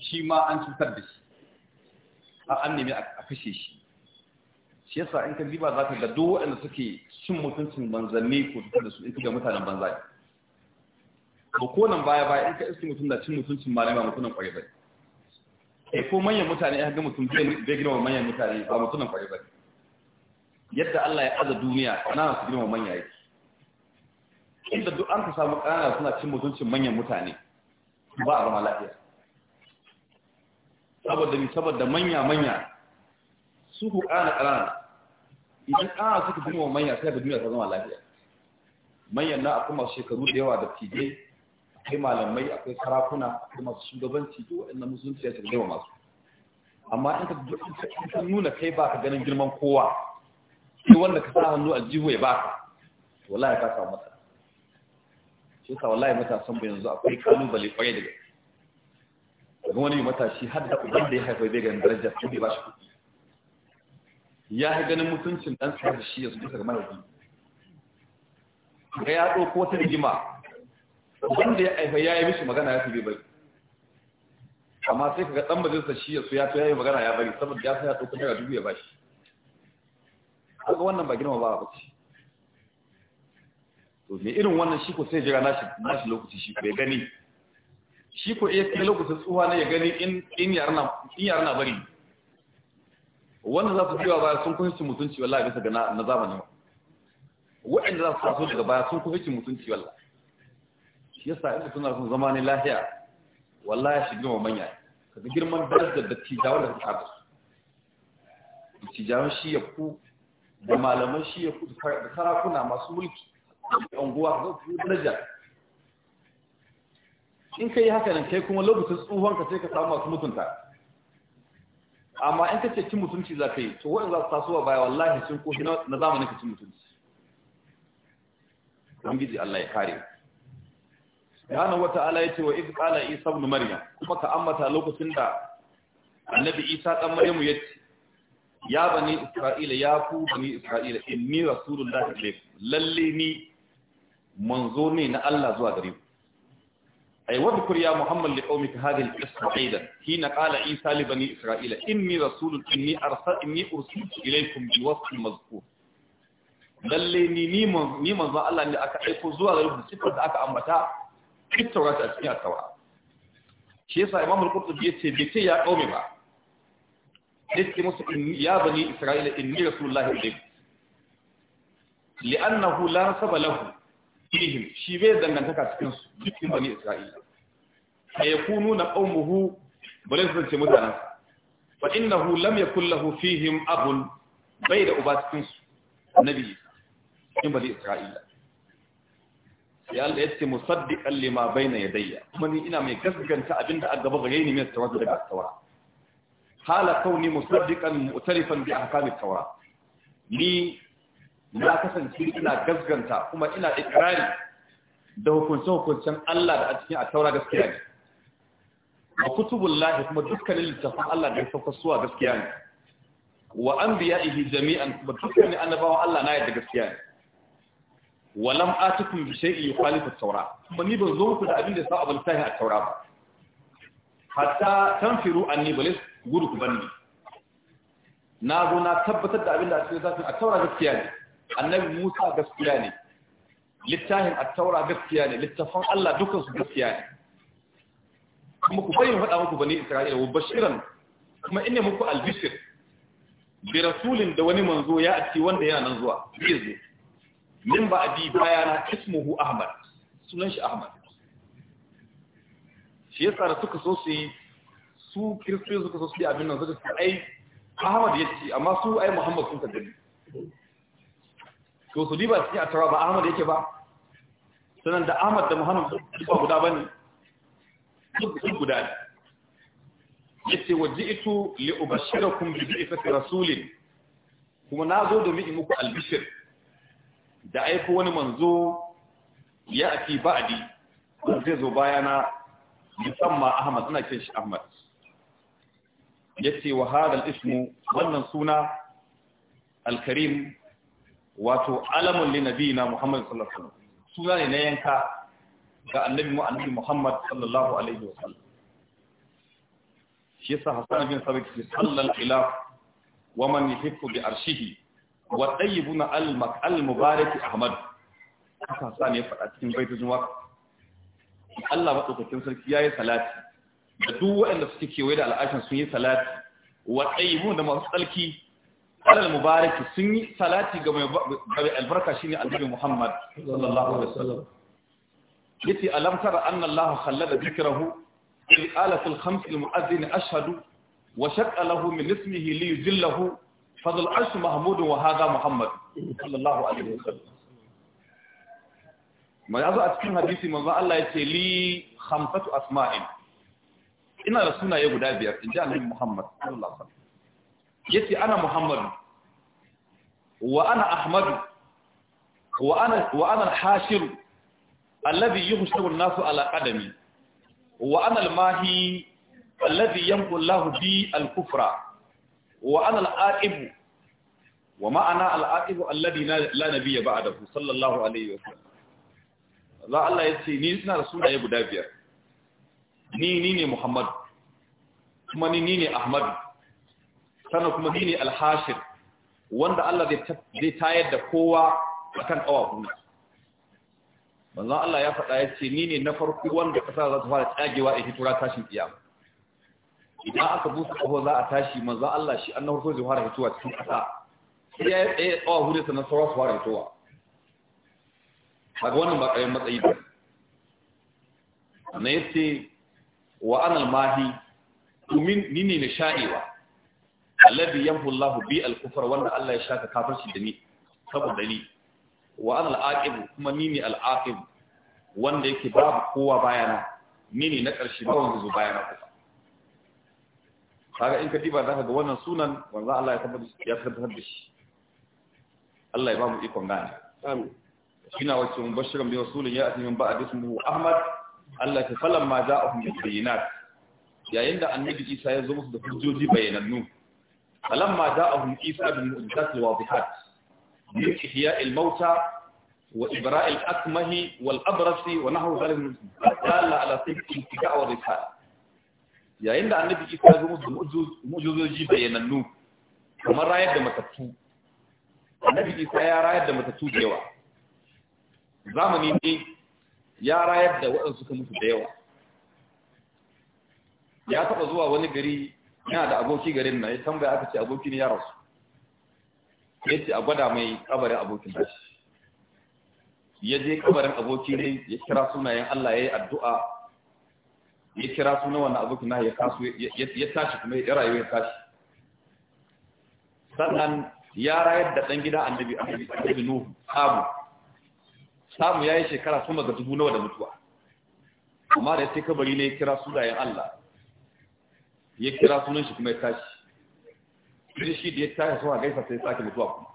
shi ma an cutar da shi an shi yasa in ka riba za ka ga duk waɗanda suke cin mutuncin banzanni ko cutar da su in ka ga mutanen banza Ba ko nan baya baya in ka iske mutum da cin mutuncin malam ba mutunan kware bai eh ko manyan mutane ya ga mutum bai girma manyan mutane ba mutunan kware bai yadda Allah ya aza duniya na su girma manya yake inda duk an ka samu kana suna cin mutuncin manyan mutane ba a zama lafiya saboda ni saboda manya manya su ku ƙana ƙanana idan ƙanana suka girma manya sai da duniya ta zama lafiya manyan na akwai masu shekaru da yawa da tijai akwai malamai akwai sarakuna akwai masu shugabanci duk waɗannan musulunci ya tarjewa masu amma in ka nuna kai baka ganin girman kowa sai wanda ka sa hannu a jiho ya baka wallahi ka samu masa shi yasa wallahi matasan bai yanzu akwai kalubale kwarai da gaske daga wani matashi har da uban da ya haifa bai ganin daraja, sai bai bashi kuɗi ya yi ganin mutuncin ɗan sa da shi ya su bisa ga mahaifi ga ya ɗauko ta rigima wanda ya aifa ya yi mishi magana ya fi bari amma sai kaga dan majalisa shi ya so ya yi magana ya bari saboda ya saya dokar daga dubu ya bashi kaga wannan ba girma ba ba ce to me irin wannan shi ko sai jira nashi nashi lokaci shi ko ya gani shi ko ya kai lokacin tsuwa ne ya gani in in na in bari wannan za su fiwa baya sun kun shi mutunci wallahi bisa ga na zamanin wa'anda za su taso daga baya sun kun shi mutunci wallahi shi yasa in suna sun zama ne lafiya wallahi shi girma manya ga girman darajar da tijawa da ta da su tijawan shi ya ku da malaman shi ya ku da sarakuna masu mulki a unguwa ga ku daraja in kai haka nan kai kuma lokacin tsohon ka sai ka samu masu mutunta amma in ka ce cin mutunci za ka yi to wa'in za su tasowa baya wallahi sun koshi na zamanin ka cin mutunci ubangiji Allah ya kare subhanahu wata'ala yace wa idh qala isa ibn maryam kuma ka ambata lokacin da annabi isa dan maryamu yace ya bani isra'ila ya ku bani isra'ila inni rasulullahi ilaykum lalle ni manzo ne na Allah zuwa gare ku ay wadhkur ya muhammad liqaumika hadhihi al-qissa aidan hina qala isa li bani isra'ila inni rasulun inni arsal inni ursiltu ilaykum bi wasfin mazkur lalle ni ni manzo Allah ne aka aiko zuwa gare ku sifar da aka ambata duk taura ta cikin taura shi yasa imam al-qurtubi yace bai ce ya kaume ba yace musu ya bani isra'ila inni rasulullahi ilaykum li'annahu la nasaba lahu fihim shi bai dangantaka cikin su cikin bani isra'ila ayakunu na qaumuhu bale sun ce mutanen fa innahu lam yakul lahu fihim abun bai da uba cikin su annabi cikin bani isra'ila ya Allah yace musaddiqan lima baina yadayya kuma ni ina mai gaskanta abinda aka gaba gare ni mai tawassul daga tawara hala kauni musaddiqan mu'tarifan bi ahkamit tawara ni na kasance ina gaskanta kuma ina ikrari da hukuncin hukuncin Allah da a cikin a taura gaskiya ne wa kutubullahi kuma dukkanin littafin Allah da ya sauka suwa gaskiya ne wa anbiya'ihi jami'an kuma dukkanin annabawan Allah na yadda gaskiya ne walam atikum bi shay'in yukhalifu at-taura kuma ni ban zo muku da abin da sa abin tahi a taura ba hatta tanfiru anni balis gudu ku banni na na tabbatar da abin da ake zafin a taura gaskiya ne annabi Musa gaskiya ne littafin at-taura gaskiya ne littafan Allah gaskiya ne kuma ku faɗa muku bani Isra'ila kuma muku albishir da wani manzo ya ati wanda yana nan zuwa min ba abi bayana ismuhu ahmad sunan shi ahmad shi yasa da suka so su yi su kiristoci suka so su yi abin nan suka ce ai ahmad ya ce amma su ai muhammad sun tabbata to su diba su a tara ba ahmad yake ba sanan da ahmad da muhammad sun ba guda ba ne duk guda ne yace waji'tu li ubashirakum bi bi'ati rasulin kuma nazo da in muku albishir da aiko wani manzo ya ba'adi, ba'di zai zo bayana musamman Ahmad ina kin shi Ahmad yace wa hada ismu wannan suna al-karim wato alamun li na Muhammad sallallahu alaihi wasallam suna ne na yanka ga annabi mu annabi Muhammad sallallahu alaihi wasallam shi yasa Hassan bin Sabit ke sallan ila wa man yahifu bi arshihi wa tayyibuna al-mubarak ahmad haka sani ya faɗa cikin baitun waka Allah madaukakin sarki ya yi salati da duk waɗanda suke kewaye da al'ashin sun yi salati wa tayyibuna da masu tsalki alal mubaraki sun yi salati ga mai albarka shine annabi Muhammad sallallahu alaihi wasallam yace alam tara anna Allah khallada dhikrahu qala fil khams al ashadu wa shaqqa lahu min ismihi li yuzillahu fadl arshi mahmudun wa haza muhammad sallallahu alaihi wasallam mai yazo a cikin hadisi manzo Allah ya ce li khamsatu asma'in ina da sunaye guda biyar in ji annabi muhammad sallallahu alaihi wasallam yace ana muhammad wa ana ahmad wa ana wa ana al-hashir alladhi yuhshabu an-nasu ala qadami wa ana al-mahi alladhi yanqu Allahu bi al-kufra wa ana al'aqibu wa ma'ana al'aqibu alladhi la nabiyya ba'dahu sallallahu alaihi wa sallam Allah Allah yace ni ina da sunaye guda ni ni ne kuma ni ni kuma ni ne al wanda Allah zai tayar da kowa akan kawafu manzon Allah ya faɗa yace ni ne na farko wanda kasa za ta fara tsagewa a hitura tashin kiyama idan aka busa kaho za a tashi manzo Allah shi an harko zai fara fitowa cikin ƙasa. sai ya tsaye tsawa hure sannan sauran su fara fitowa kaga wannan ba kayan matsayi ba na yace wa ana mahi umin ni ne na sha'ewa alladhi yamhu bi al-kufr wanda Allah ya shaka kafirci da ni saboda ni wa ana al-aqib kuma ni ne al-aqib wanda yake babu kowa bayana ni ne na ƙarshe ba wanda zo bayana kusa kaga in ka diba zaka ga wannan sunan manzo Allah ya tabbata ya tabbatar da shi Allah ya ba mu ikon gane amin shina wacce mubashiran bi rasulin ya ati ba ba'd ismuhu ahmad Allah ta falam ma ja'ahum bil bayinat yayin da annabi Isa ya zo musu da hujjoji bayanannu falam ma ja'ahum Isa bil mu'jizat wal wadihat min ihya' al mauta wa ibra al akmahi wal abrasi wa nahwu zalim dalla ala sihhati al wa risala yayin da annabi isa ya zo musu mu'jizoji bayanannu kamar rayar da matattu annabi isa ya rayar da matattu da yawa zamani ne ya rayar da waɗansu suka mutu da yawa ya taɓa zuwa wani gari yana da aboki garin na ya tambaya aka ce aboki ne ya rasu ya ce a gwada mai kabarin abokin da ya je kabarin aboki ne ya kira sunayen Allah ya yi addu'a ya kira suna wannan abokin na ya kasu ya tashi kuma ya rayu ya tashi sannan ya rayar da ɗan gida annabi annabi nuhu samu samu ya yi shekara kuma ga dubu nawa da mutuwa amma da sai kabari ne ya kira sunayen Allah ya kira sunan shi kuma ya tashi sai shi da ya tashi suwa gaisa sai sake mutuwa kuma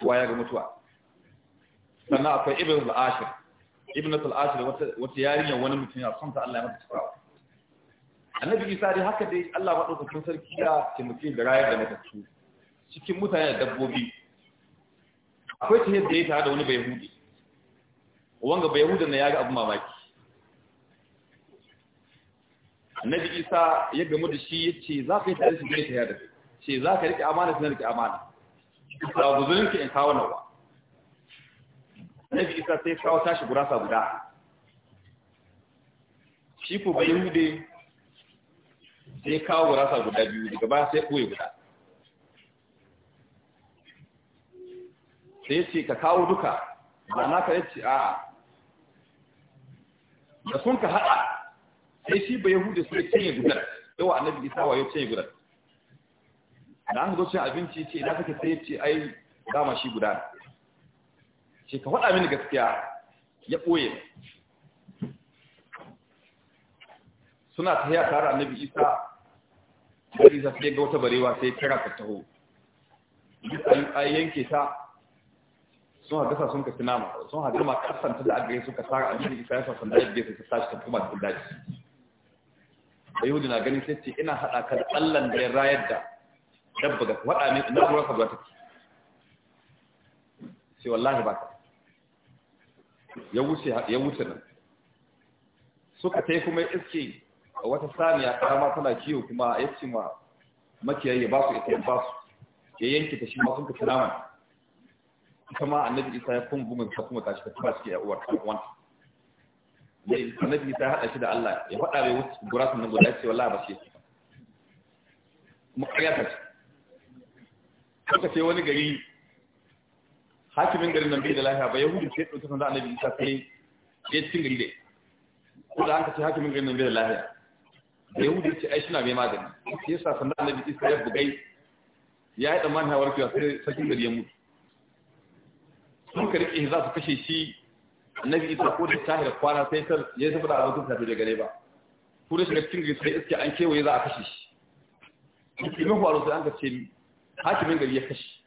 kowa ya ga mutuwa sannan akwai ibn al-ashir ibnatul ashir wata wata yarinya wani mutum ya son Allah ya mata cikawa annabi isa dai haka dai Allah madaukakin sarki ya taimake da rayar da matattu cikin mutane da dabbobi akwai ta yadda ya da wani bayahudi wanga bayahudan na ya ga abu mamaki annabi isa ya gamu da shi ya ce za ka yi tare shi gare ta yada ce za ka rike amana sai na rike amana ba guzurinka in kawo nawa sa sai kawo tashi gurasa guda shi ko bai hude sai kawo gurasa guda biyu daga ba sai koyi guda sai ce ka kawo duka ba na ka yace a da sun ka haɗa sai shi bai hude sai cinye gudar a annabi isa wa ya cinye gudar da an zo cin abinci ce idan kake sai ce ai dama shi guda ce ka faɗa mini gaskiya ya ɓoye suna ta haya tare annabi isa da isa sai ga wata barewa sai kira ka taho a yanke ta sun haddasa sun kasi nama sun haddama kasanta da agare suka tsara annabi isa ya sa sanda ya sai ta tashi ta kuma da daji da yi na ganin sai ce ina haɗa kan da da ya rayar da dabba ga waɗa ne na ruwa ka zuwa ta sai wallahi ba ka ya wuce ya wuce nan suka tai kuma iske a wata saniya karama tana kiwo kuma ya ce ma makiyayi ya ba su ita ya ba su ya yanke ta shi ma sun ka naman ita ma annabi isa ya kun gumin ta kuma tashi ta kuma suke ya uwar ta uwan ya annabi isa ya haɗa shi da Allah ya faɗa mai wuce gurasun nan guda ya ce wallahi ba shi kuma ƙarya ta ce suka ce wani gari hakimin garin nan bai da lafiya ba yahudu sai ɗauki sanda annabi isa sai ya cikin gari ko da aka ce hakimin garin nan bai da lafiya yahudi ya ce ai shina mai magani sai ya sa sanda annabi isa ya bugai ya yi tsammanin hawar kiwa sai sakin gari ya mutu sun ka riƙe za su kashe shi annabi isa ko da tahira kwana sai ta ya zafi da abokin kafin da gare ba ko da shiga cikin gari sai iske an kewaye za a kashe shi. a faru sai an ka ce hakimin gari ya kashe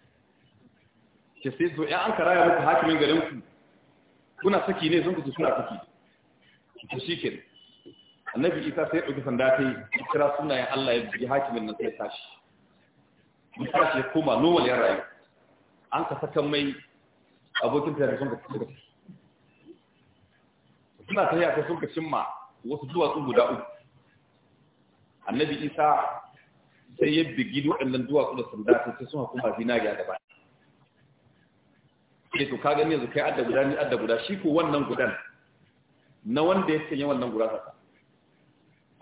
ke sai zo ya an raya muku hakimin garin ku kuna saki ne zan kuce suna saki to shi ke annabi isa sai ɗauki sanda ta yi kira sunayen allah ya bi hakimin nan sai tashi ya tashi ya koma normal ya rayu an ka sakan mai abokin da sun ka suka suna ta yaka sun ka cimma wasu duwatsu guda uku annabi isa sai ya bigi waɗannan duwatsu da sanda sai sun hukuma zinariya da baya sai eh, to ka gani yanzu kai adda guda ni adda guda shi ko wannan gudan na wanda ya sanya wannan guda saka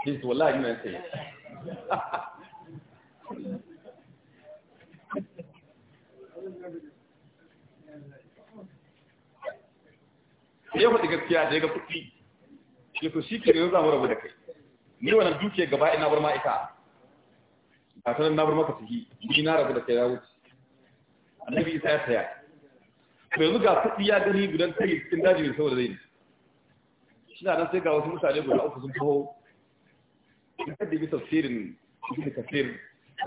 sai eh, to wallahi ina sanya ya faɗi gaskiya da ya ga kuɗi shi eh, to shi ke da zama rabu da kai ni wannan duke gaba ina bar ma ita ba sanar na bar maka suhi ni na rabu da kai ya wuce annabi isa ya tsaya bai ga kuɗi ya gani gudan kai cikin daji mai saboda zai shi na nan sai ga wasu mutane guda uku sun taho in ka dubi tafsirin ibn kafir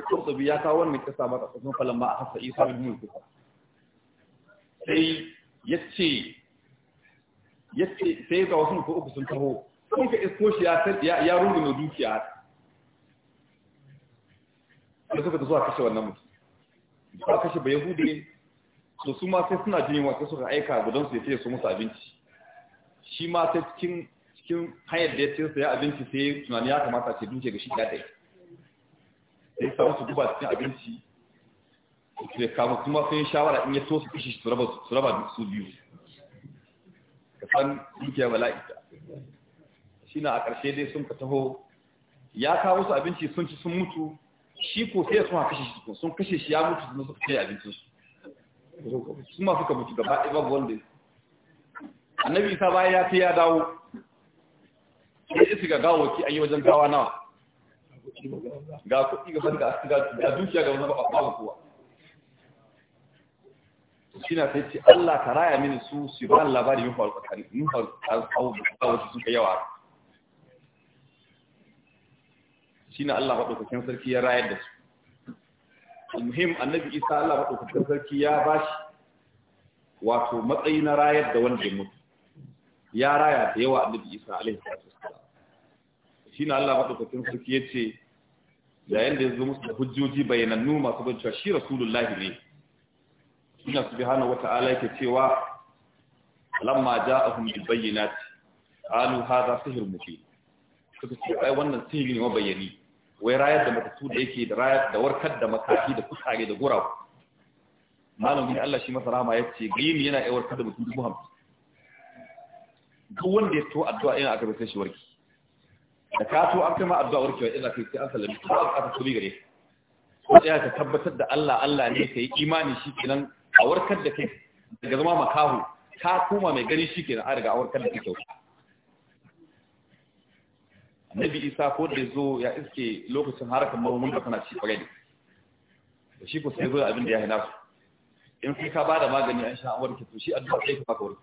kurtubi ya kawo wannan kisa ba kasan falan ma a hasa isa bin mulki sai yace yace sai ga wasu mutane uku sun taho kun ka isko shi ya ya ya rungume dukiya da suka zuwa kashe wannan mutum ba kashe ba yahudi to su ma sai suna jin yunwa suka aika gudan su ya ce su musu abinci shi ma sai cikin cikin hanyar da ya ce ya abinci sai tunani ya kamata ce duke ga shi ya dai sai sa su duba cikin abinci su ya kama kuma sai shawara in ya to su kishi su raba su biyu ka san ya mala'ika shi na a ƙarshe dai sun ka taho ya kawo su abinci sun ci sun mutu shi ko sai sun kashe shi sun kashe shi ya mutu sun suka kai abincinsu su ma suka mutu gaba ɗaya babu wanda annabi isa bayan ya fi ya dawo sai ga shiga gawaki an yi wajen gawa nawa ga kuɗi gaban da ga dukiya gaban ba babu kowa shi na sai ce Allah ka raya mini su su ba labari yin faru tsakani yin faru kuka su suka yawa shi na Allah maɗaukakin sarki ya rayar da su muhim annabi isa Allah maɗaukakin sarki ya ba shi wato matsayi na rayar da wanda ya mutu ya raya da yawa annabi isa alaihi salatu shi ne Allah maɗaukakin sarki ya ce da ya zo musu da hujjoji bayanannu masu ban cewa shi rasulullahi ne shi na subhanahu wata'ala yake cewa lamma ja'ahum bil bayyinati qalu hadha sihr mubin suka ce ai wannan sihiri ne bayani. wai rayar da matattu da yake da rayar da warkar da makafi da kusare da gurawa malamin Allah shi masa rahama yace gimi yana iya warkar da mutum dubu hamsin duk wanda ya to addu'a ina aka bai shi warki da ka to an kai ma addu'a wa ina kai sai an sallami ko an aka tobi gare ko tsaya ka tabbatar da Allah Allah ne kai imani shi kenan a warkar da kai daga zama makahu ka kuma mai gani shi kenan a riga a warkar da kai kyau. nabi isa ko da zo ya iske lokacin harakan mahumun da kana ci kwarai da shi ko sai zo abin da ya hina su in kai ka bada magani an sha warke to shi addu'a sai ka baka warke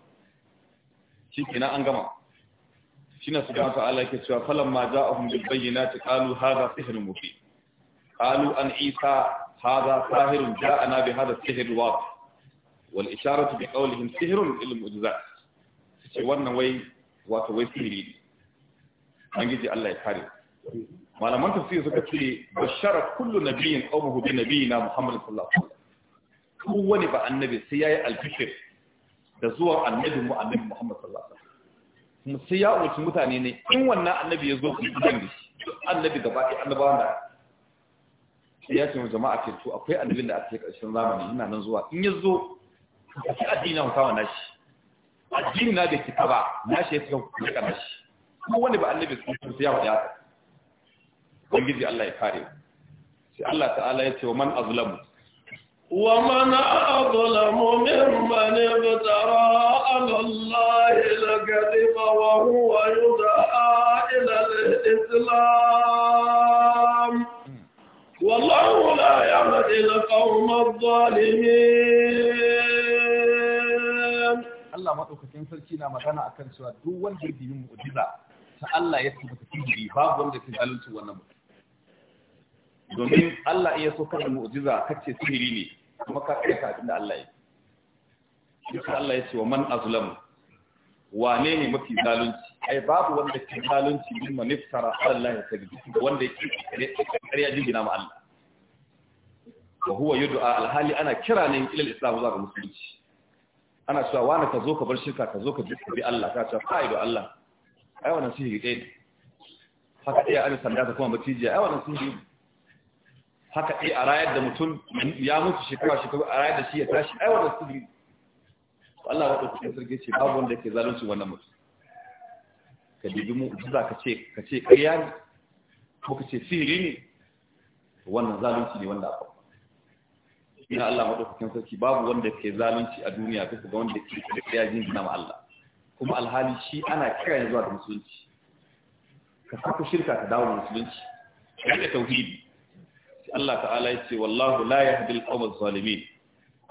shi kenan an gama shine subhanahu ta'ala yake cewa falamma ja'ahum bil bayyinati qalu hadha sihrun mubin qalu an isa hadha sahirun ja'ana bi hadha sihr wad wal isharatu bi qawlihim sihrun lil mu'jizat sai wannan wai wato wai sihiri ubangiji Allah ya kare malaman tafsir suka ce bashara kullu nabiyyin qawmuhu bi nabiyina Muhammad sallallahu alaihi wasallam kowani ba annabi sai yayi albishir da zuwa annabi mu annabi Muhammad sallallahu alaihi wasallam kuma sai ya wuce mutane ne in wannan annabi ya zo ku idan da shi annabi gaba ɗaya annabawan da ya ce mu jama'a ce to akwai annabin da ake cikin ƙarshen zamani ina nan zuwa in ya zo a ci addini na hutawa nashi addini na da kitaba nashi ya fi kan kuka shi. ko wani ba annabi sun ya faɗi haka ubangiji Allah ya kare sai Allah ta'ala ya ce wa man azlamu ومن أظلم ممن ابترى على wa الكذب وهو يدعى إلى الإسلام والله لا يهدي القوم الظالمين Allah maɗaukakin sarki na magana a kan cewa duk wanda yi mu'ujiza ta Allah ya tabbata sihiri babu wanda ke zalunci wannan ba, domin Allah iya so kada mu'jiza kace sihiri ne kuma ka kai ka da Allah ya yi sai Allah ya ce wa man azlamu wane ne mafi zalunci ai babu wanda ke zalunci bin maniftara Allah ya sadi wanda yake ƙarya jingina ma Allah wa huwa yud'a alhali ana kira ne ila islam zuwa ga musulunci ana cewa wani ka zo ka bar shirka ka zo ka bi Allah ka ce fa'idu Allah ai wannan sihiri ɗaya ne haka ɗaya abin sanda ta kuma matijiya ai wannan sihiri haka ɗaya a rayar da mutum ya mutu shekara shekaru a rayar da shi ya tashi ai wannan sihiri Allah ya ɗauki sarki ce babu wanda ke zalunci wannan mutum ka dubi mu za ka ce ka ce ƙarya ne ko ka ce sihiri ne wannan zalunci ne wanda akwai ina Allah maɗaukakin sarki babu wanda ke zalunci a duniya bisa ga wanda ke da ƙarya jin ma Allah kuma alhali shi ana kira ne zuwa da musulunci ka sako shirka ka dawo da musulunci rike tauhidi Allah ta'ala ya ce wallahu la yahdi al-qawm az-zalimin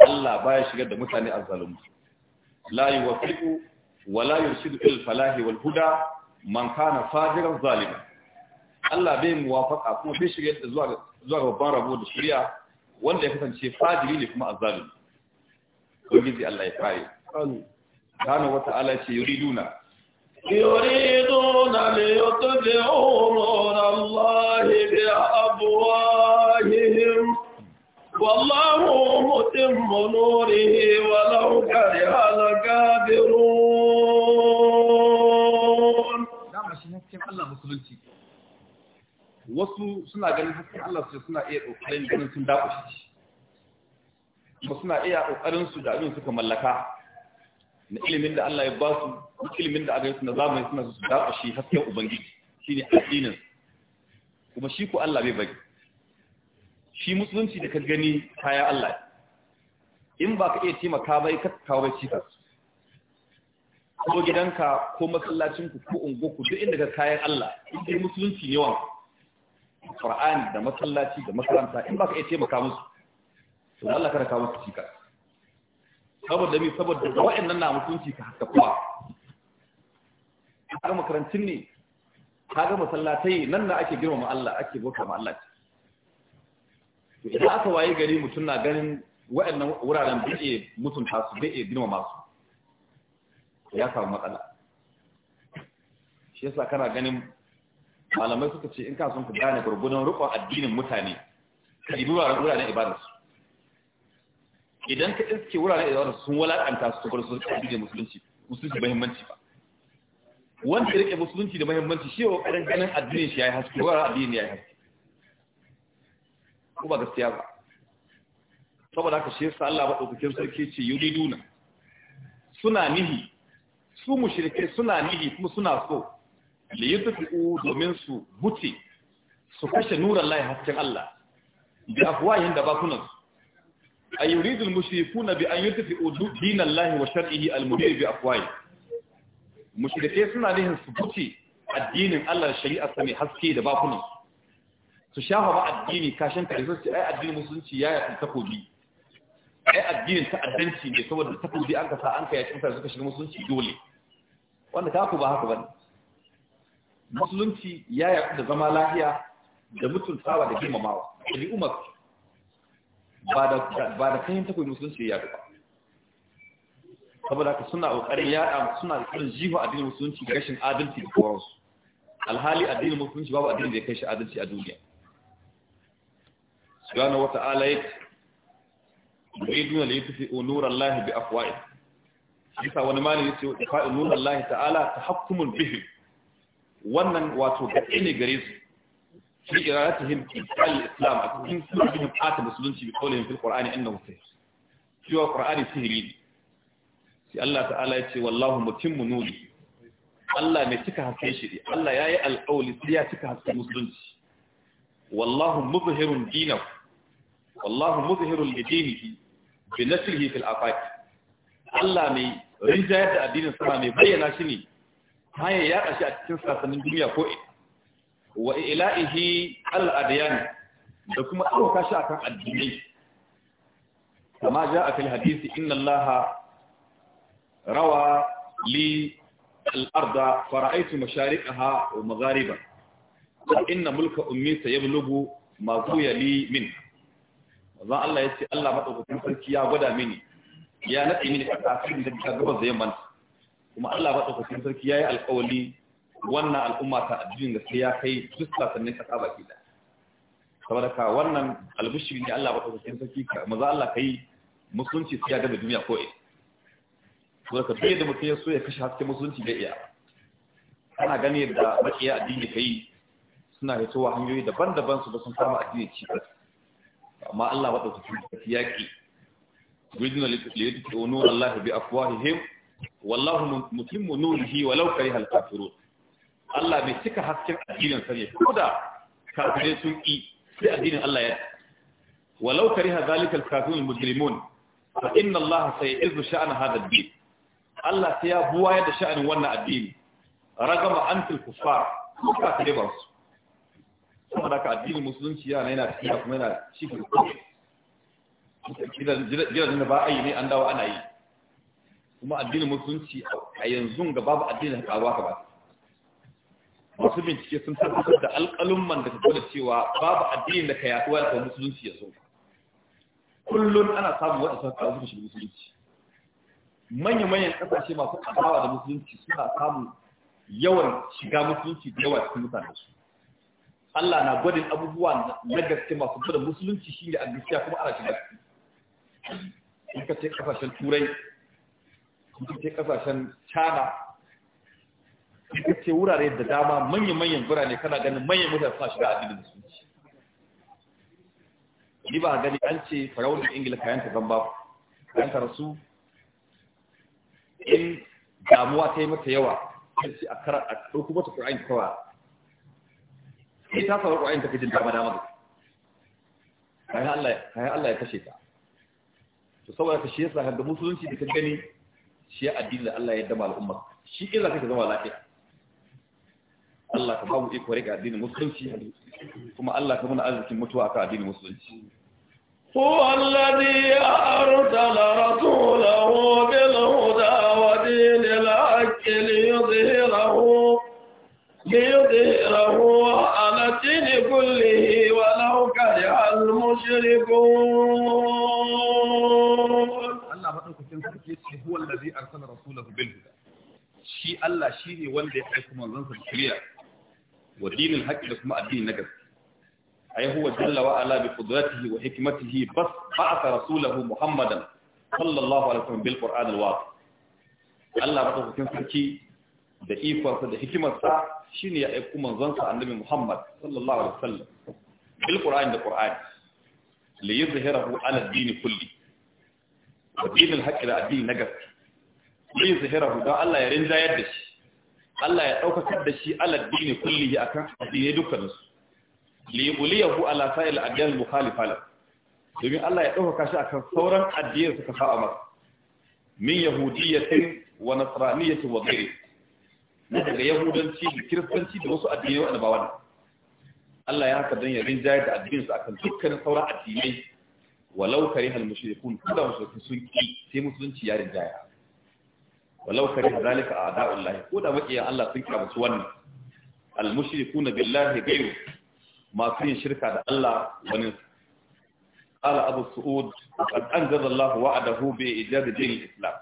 Allah baya shigar da mutane azzalumi la yuwaffiqu wa la yurshidu ila al-falahi wal huda man kana fajiran zaliman Allah bai muwafaqa kuma bai shigar da zuwa zuwa babban rabo da shari'a wanda ya kasance fajiri ne kuma azzalumi ubangiji Allah ya kare amin subhanahu wa ta'ala ce yuriduna yuriduna li yutbi'u nur Allah bi abwahihim wallahu mutimmu nurihi walau kariha al-kafirun dama shi ne cikin Allah musulunci wasu suna ganin hasken Allah su suna iya ganin sun suna iya su da abin suka mallaka na ilimin da Allah ya ba su ilimin da aka yi na zamani suna su dafa shi hasken ubangiji shi ne addinin kuma shi ku Allah bai bari shi musulunci da ka gani kaya Allah in ba ka iya taimaka bai kasa kawo bai cikas ko gidanka ko masallacinku ko unguwarku duk inda ka kayan Allah in dai musulunci ne wanka Qur'ani da masallaci da makaranta in ba ka iya taimaka musu to Allah kada ka musu cikas saboda mi saboda da wa'annan na mutunci ka haka kuwa kaga makarantun ne kaga masallatai nan na ake girma girmama Allah ake bauta ma Allah to idan aka waye gari mutum na ganin wa'annan wuraren bai iya mutunta su bai iya girma masu, ya samu matsala shi yasa kana ganin malamai suka ce in ka son ka gane gurgunan rukun addinin mutane ka ibi wuraren ibadarsu idan ka iske wuraren idan sun walakanta su bar su kaji da musulunci musulunci muhimmanci ba wanda ya rike musulunci da muhimmanci shi wa karin ganin addinin shi yayi haske wa addinin yayi haske ko ba gaskiya ba saboda haka shi yasa Allah madaukakin sarki ce yuriduna suna nihi su mushrike suna nihi kuma suna so li yutfi'u domin su buce su kashe nuran lahi hasken Allah bi afwahin da bakunan su A ay yuridu al na bi an yi tafi, yurtafi'u dinallahi wa shar'ihi al-mubin bi afwahi mushrike suna nihin su buce addinin Allah da shari'ar sa mai haske da bakunan su shafa ba addini kashin kare sai ai addinin musulunci ya yafi takobi ai addinin ta'addanci ne saboda takobi an kasa an kai yakin suka shiga musulunci dole wanda ta ku ba haka bane musulunci ya yafi da zama lafiya da mutuntawa da girmamawa ɗabi'u umar. ba da kayan takwai musulunci ya ba saboda ka suna ƙoƙarin yada suna da ƙarin jiho addinin musulunci ga rashin adalci da kowarsu alhali addinin musulunci babu addinin da ya kai shi adalci a duniya subhanahu wa ta'ala ya yuriduna li yutfi'u nura Allah bi afwa'ihim isa wani malami yace ifa'u nura Allah ta'ala tahakkumun bihin. wannan wato gaɗe ne gare su fi iratihim al islam a cikin sunan ata musulunci bi qawlihim fil qur'ani annahu sihir cewa qur'ani sihiri sai Allah ta'ala ya ce wallahu mutimmu nuri Allah ne cika haske shi Allah yayi alƙawli sai ya cika haske musulunci wallahu muzhirun dinahu wallahu muzhirun lidinihi bi nasrihi fil afaq Allah mai rinjayar da addinin sama mai bayyana shi ne haya ya kashi a cikin sasannin duniya ko wa ila'ihi al'adiyan da kuma ɗauka shi akan addinai kama ja a fil hadisi inna allaha rawa li al'arda fara'aitu mashariqaha wa maghariba wa inna mulka ummi sayablugu ma kuya li min zan Allah ya ce Allah madaukakin sarki ya gwada mini ya naɗe mini a tsakin da ta gabas da yamman kuma Allah madaukakin sarki ya yi alƙawali wannan al'umma ta addinin gaske ya kai duk sasannin kasa baki da saboda ka wannan albushiri ne Allah baka sakin sarki ka maza Allah kai musulunci sai ya gaba duniya ko eh saboda ka duk yadda mutum ya so ya kashe hasken musulunci da iya ana gani yadda makiya addini kai suna fitowa hanyoyi daban-daban su ba sun kama addini ci amma Allah baka sakin sarki ya ki yudina liyutu nuna, Allah bi afwahihim wallahu mutimmu nurihi walau karihal kafirun Allah bai cika hasken addinin sa ne ko da kafirai sun ki sai addinin Allah ya walau kariha zalika al-kafirun mujrimun fa inna Allah sayizu sha'an hadha ad-din Allah sai ya buwaye da sha'an wannan addini ragama antil kuffar ko kafirai ba su kuma da ka addinin musulunci yana yana tafiya kuma yana cikin gidan da ba a yi ne an dawo ana yi kuma addinin musulunci a yanzu ga babu addinin da ka ba masu bincike sun tabbatar da alƙalumman da kuma cewa babu addinin da ka yaduwa da musulunci ya zo Kullum ana samun waɗansu kawo su musulunci manya-manyan ƙasashe masu ƙasawa da musulunci suna samun yawan shiga musulunci da yawa cikin mutane su Allah na gwadin abubuwa na gaske masu gwada musulunci shi ne a gaskiya kuma ana shiga su in ka ce ƙasashen turai in ka ce ƙasashen china in ce wurare da dama manya-manyan birane kana ganin manyan mutane suna shiga addinin musulunci ni ba gani an ce da ingila kayanta zamba kayanta rasu in damuwa ta yi mata yawa kan ce a kara a ɗauku mata ƙura'in kawa sai ta samu ƙura'in ta fi jin dama dama kayan Allah ya kashe ta to saboda ka shi yasa ga musulunci da ka gani shi addinin da Allah ya dama al'umma shi illa kake zama lafiya Allah ka bamu iko rike addinin musulunci kuma Allah ka muna arzikin mutuwa akan addinin musulunci هو الذي أرسل رسوله بالهدى ودين الحق ليظهره ليظهره على الدين كله ولو كره المشركون الله مدوكتين سكيتي هو الذي أرسل رسوله بالهدى شي الله شيني wanda ya aika manzon sa shari'a wa dinin haƙi da kuma addini na gaske ai huwa jalla wa ala bi qudratihi wa hikmatihi bas ba'atha rasulahu muhammadan sallallahu alaihi wasallam bil qur'an al waqi Allah ba ta sarki da ikonsa da hikimarsa shine ya aika manzon sa annabi muhammad sallallahu alaihi wasallam bil qur'an da qur'ani li yuzhirahu ala ad kulli wa da na gaske da Allah ya rinjayar da shi Allah ya daukakar da shi ala dini kullihi akan addini dukkanin su li yuliyahu ala sa'il addinin mukhalifa domin Allah ya daukaka shi akan sauran addinai suka fa'a masa min yahudiyyatin wa nasraniyyatin wa ghairi na daga yahudanci da kiristanci da wasu addinai wanda ba wannan Allah ya haka dan ya rinjaye da addinin su akan dukkanin sauran addinai walau karihal mushrikun kada mushrikin sun ki sai musulunci ya rinjaya walau kare zalika a'da'ullahi ko da makiyan Allah sun kamasu wannan al-mushrikuna billahi ghayru masu yin shirka da Allah wani قال أبو السعود قد أنجز الله وعده بإيجاد دين الإسلام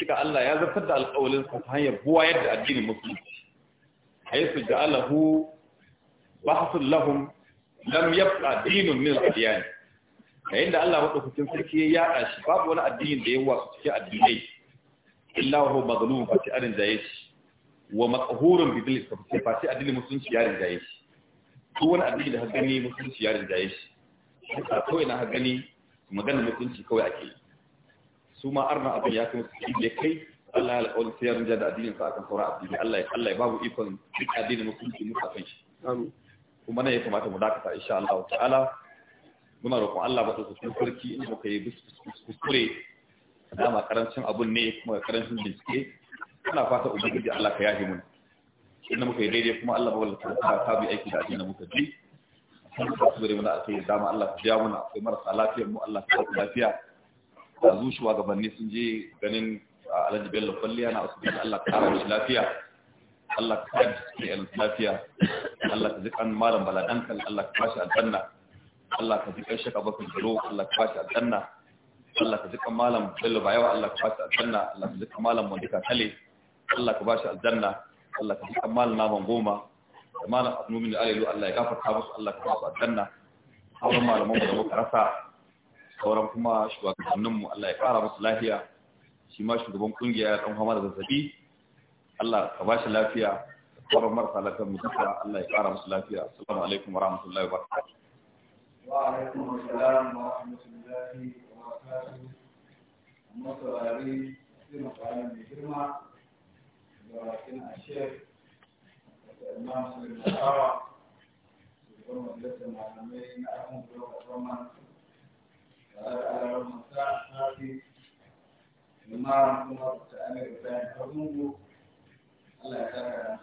شكا الله يزفد القول الصحيح هو يد الدين المسلم حيث جعله بحث لهم لم يبقى دين من الأديان عند الله وقف تنسكي يا أشباب ولا الدين دي هو تنسكي الديني illa huwa maghlubun fa ti arin jaye shi wa maqhurun bi dil istifti fa ti adil musulunci yarin jaye shi duk wani abin da ha gani musulunci yarin jaye shi a kawai na ha gani magana musulunci kawai ake yi su ma arna abin ya kuma su ya kai Allah ya alƙawarin sai yarin da addinin sa akan sauran addini Allah ya Allah ya babu ikon duk addinin musulunci mu kan shi kuma nan ya kamata mu dakata insha Allah ta'ala muna roƙon Allah ba ta sarki in muka yi kuskure dama karancin abun ne kuma karancin bincike ana fata ubangiji Allah ka yahi mun inda muka yi daidai kuma Allah bawal ta ta bi aiki da addinin muka ji kuma ka tsubare mana akai dama Allah ka ja muna akwai marasa lafiyar mu Allah ka ba lafiya da zuwa gabanni sun je ganin Alhaji Bello Kwalliya na asibiti Allah ka kara mishi lafiya Allah ka kara mishi lafiya Allah ka zikan malam baladankan Allah ka bashi aljanna Allah ka zikan shaka bakin garo Allah ka bashi aljanna Allah ka jikan malam Bello ba yawa Allah ka bashi aljanna Allah ka jika malam Mondika Kale Allah ka bashi aljanna Allah ka jikan malam Naman Goma da malam Abdulmumin Alilu Allah ya gafarta musu Allah ka basu aljanna sauran malaman mu da muka rasa sauran kuma shugabannin mu Allah ya kara musu lafiya shi ma shugaban kungiya kan fama da zazzabi Allah ka bashi lafiya sauran marasa lafiyar mu duka Allah ya kara musu lafiya assalamu alaikum wa rahmatullahi wa barakatuh alaikum assalam wa rahmatullahi amma saurari sai makarar mai girma da wakin ashir da imam sulaiman kawa malamai na akan kuma kasaman tare da alarar masa safi kuma ta amir allah ya tara da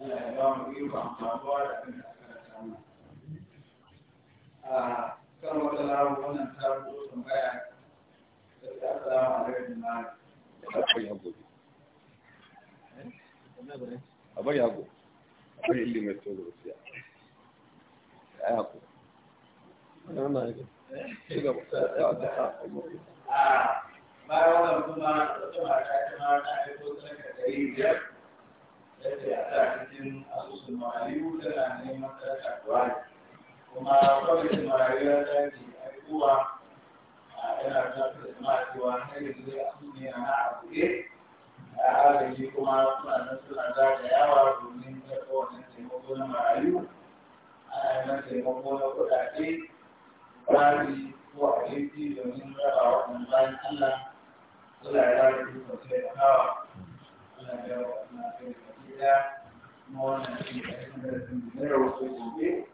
allah ya ba mu da abin da aka rasa kan wata lawa wannan ta rubuta tambaya da ta assalamu alaikum malam akwai hago a bari hago a bari illi mai tsoro rufiya a yi hago bayan wannan kuma wata mata ta ma ta aiko sanka da yi biyar da ta cikin asusun ma'ayu tana neman karkatuwa kuma kwamitin marayuwa ta aikuwa a yana tafi da jama'a cewa har yanzu dai abu ne na a buɗe a agaji kuma suna nan suna zagayawa domin karɓar wannan taimako na marayu ana yi na taimako na kuɗaɗe tsari ko abinci domin raba waɗannan bayan Allah Kula ya rage duka sai da hawa Allah ya rage duka da kuma wannan shi ne a cikin da sun zai rawato gobe